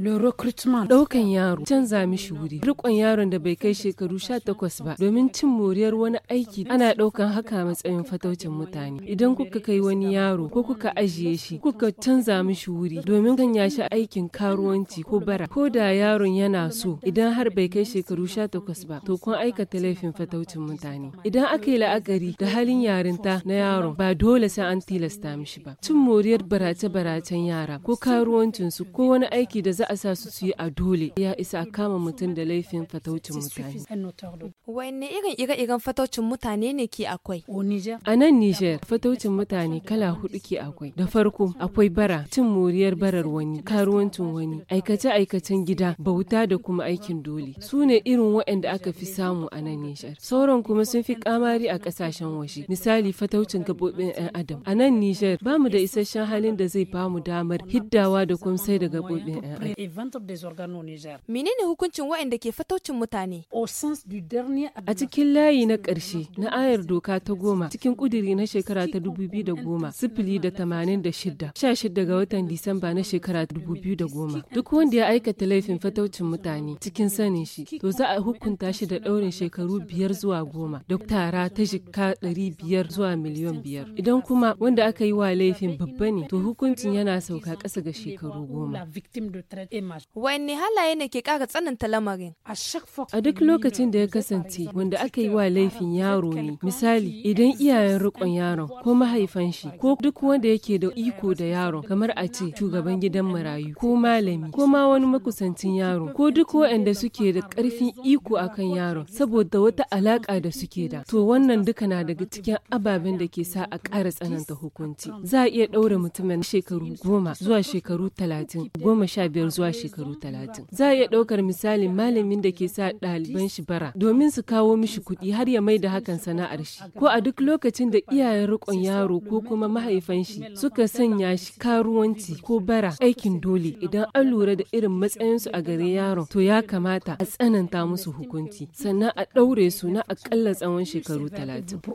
Ɗaukan yaro canza mishi wuri. Rikon yaron da bai kai shekaru takwas ba domin cin moriyar wani aiki ana ɗaukan haka matsayin fataucin mutane. Idan kuka kai wani yaro ko kuka ajiye shi kuka canza mishi wuri domin sanya shi aikin karuwanci ko bara. Ko da yaron yana so idan har bai kai shekaru sha takwas ba to kun aikata laifin fataucin mutane. Idan aka yi la'akari da halin yarinta na yaron ba dole sai an tilasta mishi ba. Cin moriyar barace-baracen yara ko karuwancinsu ko wani aiki da za a sa su su yi a dole ya isa a kama mutum da laifin fataucin mutane. Wanne irin ire-iren fataucin mutane ne ke akwai? A nan Niger, fataucin mutane kala hudu ke akwai. Da farko, akwai bara, cin moriyar barar wani, karuwancin wani, aikace-aikacen gida, bauta da kuma aikin dole. Su ne irin waɗanda aka fi samu a nan Niger. Sauran kuma sun fi kamari a ƙasashen waje. Misali, fataucin gaɓoɓin 'yan Adam. A nan Niger, ba mu da isasshen halin da zai ba mu damar hiddawa da sai da gaɓoɓin 'yan Adam. et Menene hukuncin waɗanda ke fatocin mutane? A cikin layi na ƙarshe na ayar doka ta goma cikin ƙudiri na shekara ta dubu da sifili da tamanin da shida sha shida ga watan Disamba na shekara ta dubu Duk wanda ya aikata laifin fataucin mutane cikin sanin shi to za a hukunta shi da ɗaurin shekaru biyar zuwa goma da tara ta jika ɗari biyar zuwa miliyan biyar. Idan kuma wanda aka yi wa laifin babba ne to hukuncin yana sauka ƙasa ga shekaru goma. Wanne halaye ne ke ƙara tsananta lamarin? A duk lokacin da ya kasance wanda aka yi wa laifin yaro ne, misali idan iyayen riƙon yaron ko mahaifan shi ko duk wanda yake da iko da yaron kamar a ce shugaban gidan marayu ko malami ko ma wani makusancin yaro ko duk waɗanda suke da ƙarfin iko akan yaron saboda wata alaƙa da suke da to wannan duka na daga cikin ababen da ke sa a ƙara tsananta hukunci za a iya ɗaure mutumin shekaru goma zuwa shekaru talatin goma sha biyar zuwa shekaru talatin. Za a iya ɗaukar misalin malamin da ke sa ɗaliban shi bara domin su kawo mishi kuɗi har ya mai da hakan sana'ar shi. Ko a duk lokacin da iyayen riƙon yaro ko kuma mahaifan shi suka sanya shi karuwanci ko bara aikin dole idan an lura da irin matsayinsu a gare yaron to ya kamata a tsananta musu hukunci sannan a ɗaure su na aƙalla tsawon shekaru talatin.